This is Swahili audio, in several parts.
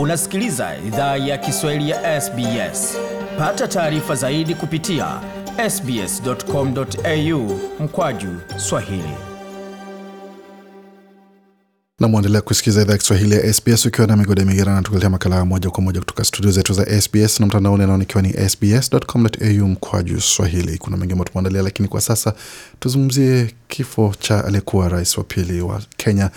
Unasikiliza idhaa ya Kiswahili ya SBS. Pata taarifa zaidi kupitia sbs.com.au mkwaju swahili. namwendelea kusikiliza idhaa ya Kiswahili ya SBS ukiwa na migode migera, na tukuletea makala moja kwa moja kutoka studio zetu za SBS na mtandaoni ikiwa ni sbs.com.au mkwaju swahili. Kuna mengi ambao tumeandalia, lakini kwa sasa tuzungumzie kifo cha aliyekuwa rais wa pili wa Kenya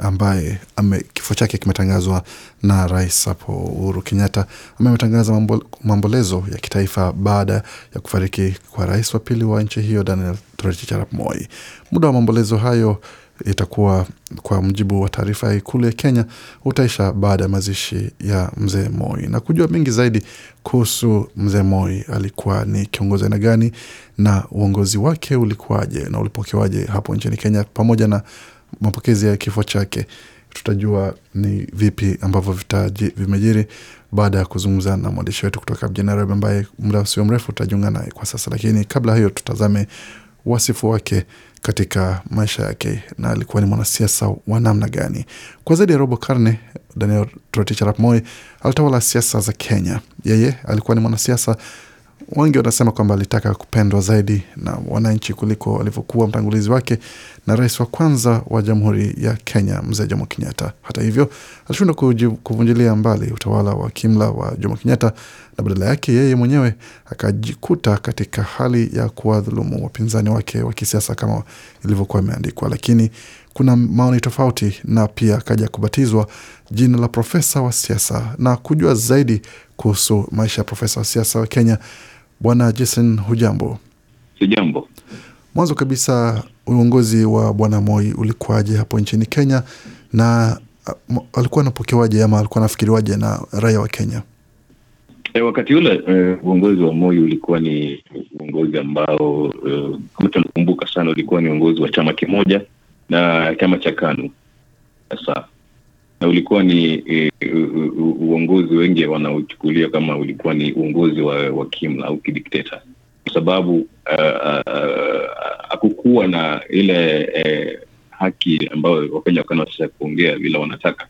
ambaye ame, kifo chake kimetangazwa na rais hapo Uhuru Kenyatta, ambaye ametangaza mambo, maombolezo ya kitaifa baada ya kufariki kwa rais wa pili wa nchi hiyo Daniel Toroitich arap Moi. Muda wa maombolezo hayo itakuwa kwa mujibu wa taarifa ya ikulu ya Kenya utaisha baada ya mazishi ya mzee Moi. Na kujua mengi zaidi kuhusu mzee Moi, alikuwa ni kiongozi aina gani na uongozi wake ulikuwaje na ulipokewaje hapo nchini Kenya, pamoja na mapokezi ya kifo chake. Tutajua ni vipi ambavyo vimejiri baada ya kuzungumza na mwandishi wetu kutoka mjini Nairobi, ambaye muda usio mrefu utajiunga naye kwa sasa. Lakini kabla hiyo, tutazame wasifu wake katika maisha yake na alikuwa ni mwanasiasa wa namna gani. Kwa zaidi ya robo karne, Daniel Toroitich alitawala siasa za Kenya. Yeye alikuwa ni mwanasiasa wengi wanasema kwamba alitaka kupendwa zaidi na wananchi kuliko alivyokuwa mtangulizi wake na rais wa kwanza wa Jamhuri ya Kenya Mzee Jomo Kenyatta. Hata hivyo, alishindwa kuvunjilia mbali utawala wa kimla wa Jomo Kenyatta na badala yake yeye mwenyewe akajikuta katika hali ya kuwadhulumu wapinzani wake wa kisiasa kama ilivyokuwa imeandikwa, lakini kuna maoni tofauti, na pia akaja kubatizwa jina la profesa wa siasa. Na kujua zaidi kuhusu maisha ya profesa wa siasa wa Kenya, Bwana Jason, hujambo? Hujambo. Mwanzo kabisa uongozi wa Bwana Moi ulikuwaje hapo nchini Kenya na uh, alikuwa anapokewaje ama alikuwa anafikiriwaje na raia wa Kenya? E, wakati ule e, uongozi wa Moi ulikuwa ni uongozi ambao e, kama e, tunakumbuka sana ulikuwa ni uongozi wa chama kimoja na chama cha KANU sasa, na ulikuwa ni e, uongozi wengi wanaochukulia kama ulikuwa ni uongozi wa, wa kimla au kidikteta sababu uh, uh, hakukuwa na ile uh, haki ambayo Wakenya wakanaweza kuongea vile wanataka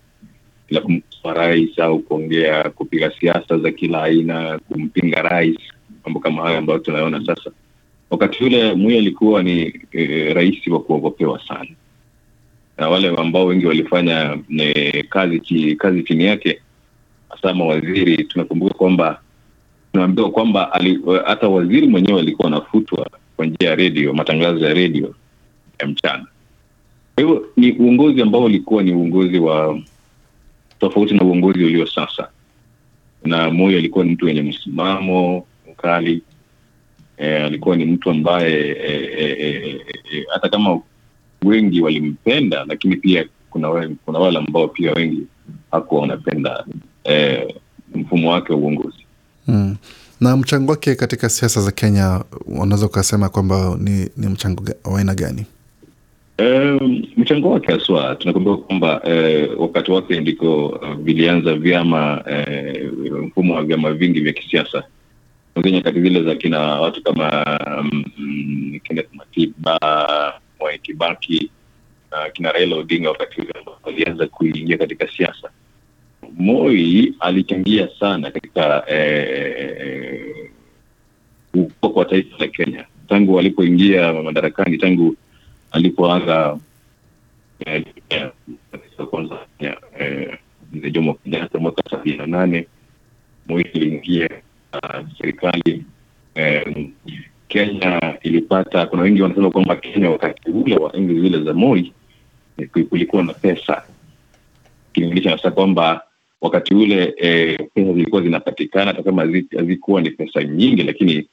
ila kumkosoa rais au kuongea kupiga siasa za kila aina, kumpinga rais, mambo kama hayo ambayo tunayoona sasa. Wakati ule Moi alikuwa ni e, rahisi wa kuogopewa sana, na wale ambao wengi walifanya ne, kazi, kazi chini yake, hasa mawaziri. Tunakumbuka kwamba tunaambiwa kwamba hata waziri mwenyewe alikuwa anafutwa kwa njia ya redio, matangazo ya redio ya mchana. Kwa hivyo ni uongozi ambao ulikuwa ni uongozi wa tofauti na uongozi ulio sasa, na moyo alikuwa ni mtu wenye msimamo mkali. E, alikuwa ni mtu ambaye e, e, e, e, hata kama wengi walimpenda, lakini pia kuna wale, kuna wale ambao pia wengi hakuwa wanapenda e, mfumo wake wa uongozi. Mm. Na mchango wake katika siasa za Kenya unaweza ukasema kwamba ni, ni mchango wa aina gani? Um, mchango wake haswa tunakumbuka kwamba uh, wakati wake ndiko eh, vilianza vyama uh, mfumo wa vyama vingi vya kisiasa Kenya, kati zile za kina watu kama um, Kenneth Matiba, Mwai Kibaki na kina Raila Odinga, wakati walianza kuingia katika siasa Moi alichangia sana katika eh, ukoko eh, wa taifa la Kenya tangu alipoingia madarakani, tangu alipoaga eh, kwanza eh, mzee Jomo Kenyatta mwaka sabini na nane. Moi aliingia serikali Kenya ilipata, kuna wengi wanasema kwamba Kenya wakati ule wa enzi zile za Moi kulikuwa na pesa kilinganisha na sasa kwamba wakati ule eh, pesa zilikuwa zinapatikana hata kama hazikuwa ni pesa nyingi, lakini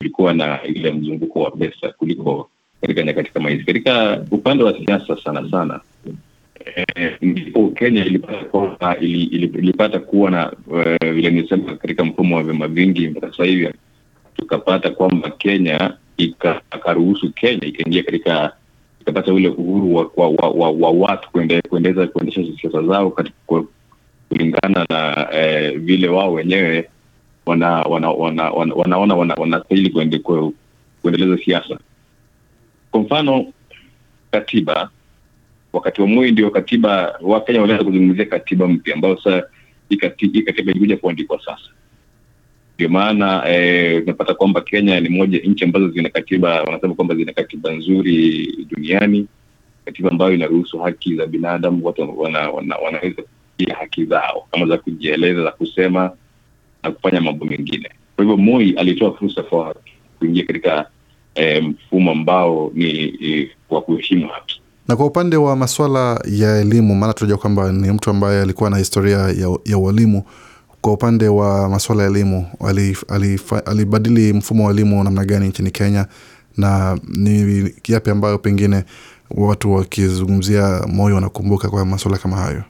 ilikuwa na ile mzunguko wa pesa kuliko katika nyakati kama hizi. Katika upande wa siasa sana sana eh, ndipo eh, Kenya ilipata kuwa, ili, ilipata kuwa na eh, vile uh, nisema katika mfumo wa vyama vingi mpaka sasa hivi tukapata kwamba Kenya ikaruhusu Kenya ikaingia katika ikapata ule uhuru wa, wa, wa, wa, wa watu kuende, kuendeza kuendesha siasa zao katika kulingana na eh, vile wao wenyewe wana, wana, wana, wana, wana, wanastahili wana, wana kuendeleza siasa. Kwa mfano katiba, wakati wa Moi ndio katiba Wakenya walianza kuzungumzia katiba mpya ambayo sasa hii katiba ilikuja kuandikwa sasa. Ndio maana tunapata eh, kwamba Kenya ni moja nchi ambazo zina katiba, wanasema kwamba zina katiba nzuri duniani, katiba ambayo inaruhusu haki za binadamu, watu wanaweza wana, wana, wana haki zao kama za kujieleza, za kusema na kufanya mambo mengine. Kwa hivyo Moi alitoa fursa kwa kuingia katika eh, mfumo ambao ni eh, wa kuheshimu haki na kwa upande wa maswala ya elimu, maana tunajua kwamba ni mtu ambaye alikuwa na historia ya, ya ualimu. Kwa upande wa maswala ya elimu, alibadili mfumo wa elimu namna gani nchini Kenya, na ni yapi ambayo pengine watu wakizungumzia Moi wanakumbuka kwa maswala kama hayo?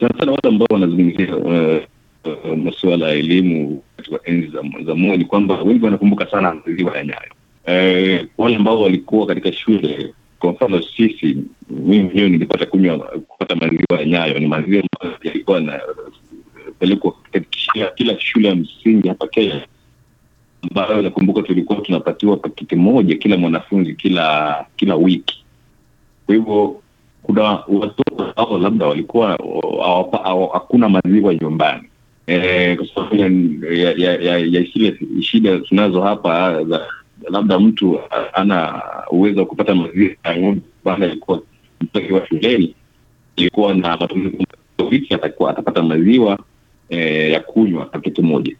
sana sana wale ambao wanazungumzia uh, uh, masuala ya elimu katika enzi za, za moja ni kwamba wengi wanakumbuka sana maziwa ya Nyayo. Uh, wale ambao walikuwa katika shule kwa mfano sisi, mimi mwenyewe nilipata kunywa kupata maziwa ya Nyayo. Ni maziwa ambayo yalikuwa na uh, pelekwa katika kila shule ya msingi hapa Kenya, ambayo nakumbuka tulikuwa tunapatiwa pakiti moja kila mwanafunzi kila kila wiki. Kwa hivyo kuna watoto ambao labda walikuwa hakuna maziwa nyumbani eh, kwa sababu ya, ya, ya, ya, shida tunazo hapa za, labda mtu ana uwezo wa kupata maziwa ya ng'ombe baada alikuwa mtoto wa shuleni ilikuwa na matumizi atakuwa atapata maziwa eh, ya kunywa na kitu moja.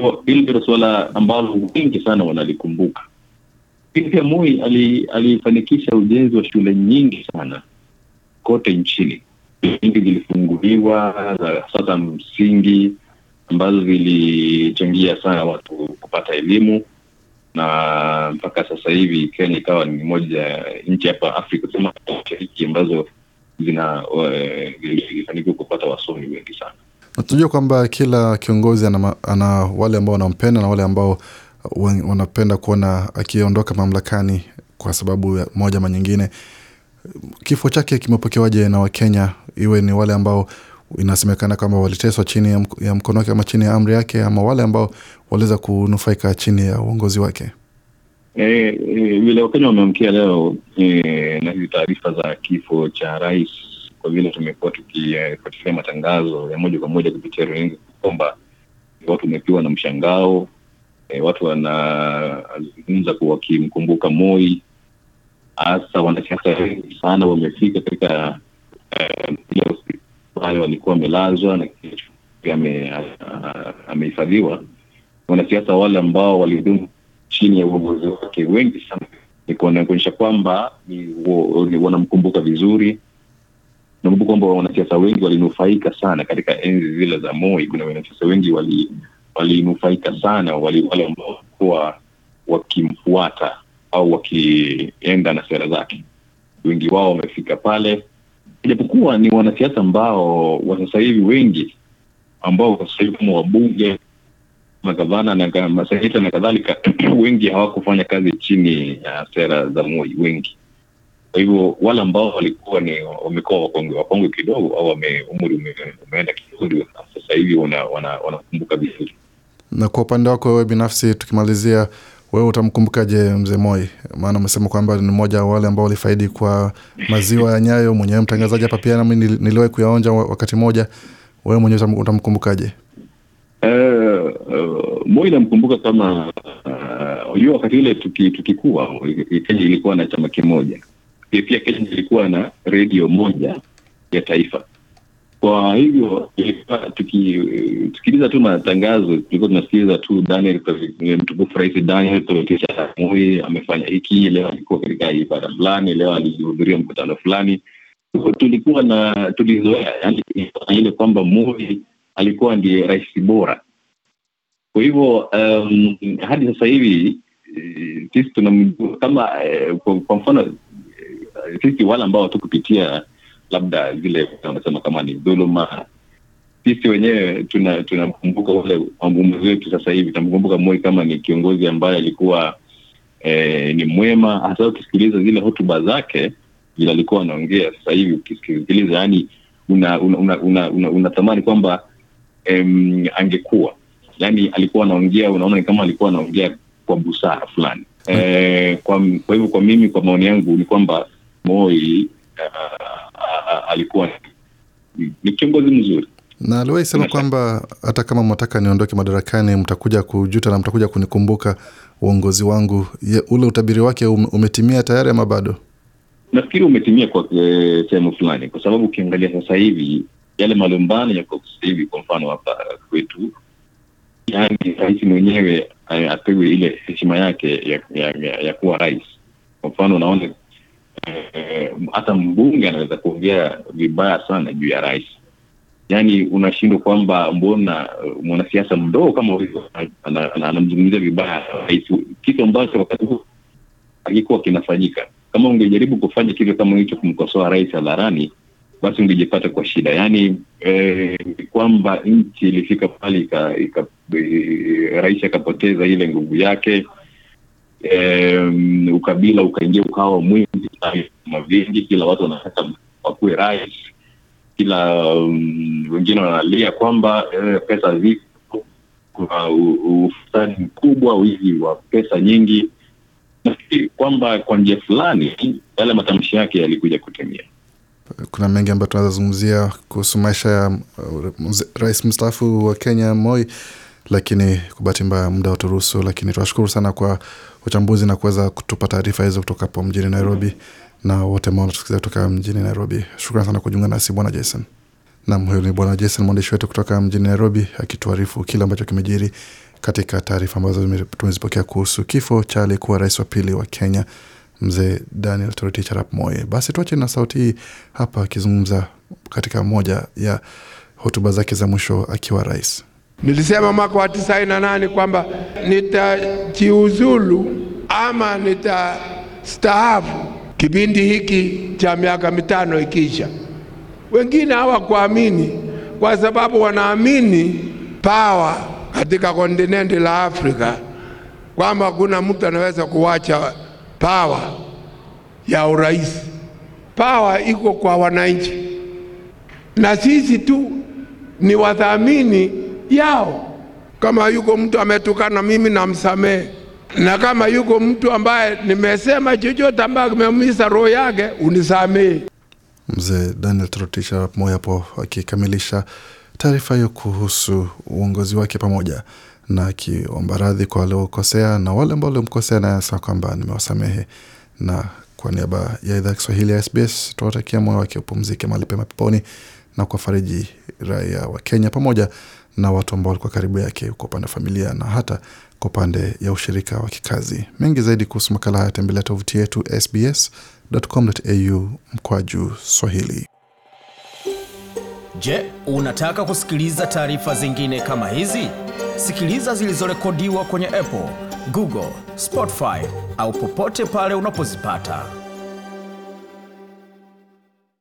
Kwa hili ndilo suala ambalo wengi sana wanalikumbuka. Pia Moi alifanikisha ali ujenzi wa shule nyingi sana kote nchini. Vingi vilifunguliwa na sasa msingi ambazo zilichangia sana watu kupata elimu na mpaka sasa hivi Kenya ikawa ni moja ya nchi hapa Afrika sema mashariki ambazo zinafanikiwa eh, zilifanikiwa kupata wasomi wengi sana. Tunajua kwamba kila kiongozi ana, ana wale ambao wanampenda na wale ambao wanapenda kuona akiondoka mamlakani kwa sababu moja ama nyingine. Kifo chake kimepokewaje na Wakenya, iwe ni wale ambao inasemekana kwamba waliteswa chini ya, mkono wake ama chini ya amri yake ama wale ambao waliweza kunufaika chini ya uongozi wake? E, e, vile Wakenya wameamkia leo e, na hizi taarifa za kifo cha rais, kwa vile tumekuwa tukifuatilia matangazo ya moja kwa moja kupitia runinga, kwamba watu wamepiwa na mshangao e, watu wanazungumza wakimkumbuka Moi hasa wanasiasa wengi sana wamefika katika ile hospitali ambayo walikuwa wamelazwa na ah, amehifadhiwa. Wanasiasa wale ambao walihudumu chini ya uongozi wake wengi sana ni kuonyesha kwamba wanamkumbuka vizuri. Nakumbuka kwamba wanasiasa wengi walinufaika sana katika enzi zile za Moi. Kuna wanasiasa wengi walinufaika wali sana wale ambao walikuwa wakimfuata au wakienda na sera zake. Wengi wao wamefika pale, ijapokuwa ni wanasiasa ambao wa sasa hivi wengi ambao sasa hivi kama wabunge, magavana na na kadhalika wengi hawakufanya kazi chini ya uh, sera za Moi wengi. Kwa hivyo wale ambao walikuwa ni wamekuwa wakonge wakongwe kidogo au wame, umri umeenda kidogo, sasa hivi wanakumbuka wana, wana vizuri. Na kwa upande wako wewe binafsi, tukimalizia wewe utamkumbukaje mzee Moi? Maana umesema kwamba ni mmoja wa wale ambao walifaidi kwa maziwa ya Nyayo, mwenyewe mtangazaji hapa pia nami niliwahi kuyaonja wakati moja. Wewe mwenyewe utamkumbukaje? Uh, uh, Moi namkumbuka kama uh, uh, wakati ile tukikua tuki Kenya ilikuwa na chama kimoja pia, Kenya ilikuwa na redio moja ya taifa kwa hivyo tukisikiliza tu matangazo, tulikuwa tunasikiliza tu Daniel mtukufu Rais Daniel Toroitich Arap amefanya hiki leo, alikuwa katika ibada fulani leo, alihudhuria mkutano fulani. Tulikuwa na tulizoea yani, ile kwamba Moi alikuwa ndiye rais bora. Kwa hivyo um, hadi sasa hivi eh, sisi tunamjua kama, eh, kwa mfano eh, sisi wale ambao tukupitia labda zile wanasema kama ni dhuluma. Sisi wenyewe tunamkumbuka tuna wale wambumu zetu sasa hivi, tunamkumbuka Moi kama ni kiongozi ambaye alikuwa e, ni mwema, hasa ukisikiliza zile hotuba zake vile alikuwa anaongea. Sasa hivi ukisikiliza, yani unatamani una, una, una, una, una kwamba em, angekuwa yani alikuwa anaongea, unaona kama alikuwa anaongea kwa busara fulani. E, kwa, kwa hivyo kwa mimi, kwa maoni yangu ni kwamba Moi uh, alikuwa ni, kiongozi mzuri na aliwahi sema kwamba hata kama mwataka niondoke madarakani, mtakuja kujuta na mtakuja kunikumbuka uongozi wangu. Ye, ule utabiri wake umetimia tayari ama bado? Nafikiri umetimia kwa eh, sehemu fulani, kwa sababu ukiangalia sasa hivi yale malumbano yako sasa hivi, kwa mfano hapa kwetu, yani rais mwenyewe eh, apewe ile heshima yake ya, ya, ya, ya kuwa rais. Kwa mfano unaona Eh, hata mbunge anaweza kuongea vibaya sana juu ya rais. Yani unashindwa kwamba mbona eh, mwanasiasa mdogo kama huyo anamzungumzia vibaya rais, kitu ambacho wakati huo akikuwa kinafanyika. Kama ungejaribu kufanya kitu kama hicho, kumkosoa rais hadharani, basi ungejipata kwa shida. Yani eh, kwamba nchi ilifika pale eh, rais akapoteza ile nguvu yake eh, ukabila ukaingia ukawa mwingi vyama vingi, kila watu wanataka wakue rais kila um, wengine wanalia kwamba eh, pesa zipo, kuna ufutani mkubwa, wizi wa pesa nyingi. kwamba kwa njia fulani yale matamshi yake yalikuja kutimia kuna mengi ambayo tunaweza zungumzia kuhusu maisha ya uh, rais mstaafu wa Kenya Moi lakini kwa bahati mbaya muda uturuhusu, lakini tunashukuru sana kwa uchambuzi na kuweza kutupa taarifa hizo kutoka hapo mjini Nairobi na wote ambao wanatusikiliza kutoka mjini Nairobi. shukran sana kujiunga nasi Bwana Jason. Nam, huyo ni Bwana Jason, mwandishi wetu kutoka mjini Nairobi, akituarifu kile ambacho kimejiri katika taarifa ambazo tumezipokea kuhusu kifo cha aliyekuwa rais wa pili wa Kenya, mzee Daniel Toroitich arap Moi. Basi tuache na sauti hii hapa akizungumza katika moja ya hotuba zake za mwisho akiwa rais. Nilisema mwaka wa tisaini na nane kwamba nitajiuzulu ama nitastaafu kipindi hiki cha miaka mitano ikiisha. Wengine hawakuamini kwa sababu wanaamini pawa katika kontinenti la Afrika kwamba kuna mtu anaweza kuwacha pawa ya urais. Pawa iko kwa wananchi, na sisi tu ni wadhamini yao. Kama yuko mtu ametukana mimi namsamehe, na kama yuko mtu ambaye nimesema chochote ambaye kimeumiza roho yake unisamehe. Mzee Daniel Trotisha Moi hapo akikamilisha taarifa hiyo kuhusu uongozi wake pamoja na akiomba radhi kwa waliokosea na wale ambao waliomkosea, naye asema kwamba nimewasamehe. Na kwa niaba ya idhaa ya Kiswahili ya SBS tunawatakia moyo wake upumzike mahali pema peponi na kuwafariji raia wa Kenya pamoja na watu ambao walikuwa karibu yake kwa upande wa familia na hata kwa upande ya ushirika wa kikazi. Mengi zaidi kuhusu makala haya, tembelea tovuti yetu sbs.com.au mkwaju Swahili. Je, unataka kusikiliza taarifa zingine kama hizi? Sikiliza zilizorekodiwa kwenye Apple, Google, Spotify au popote pale unapozipata.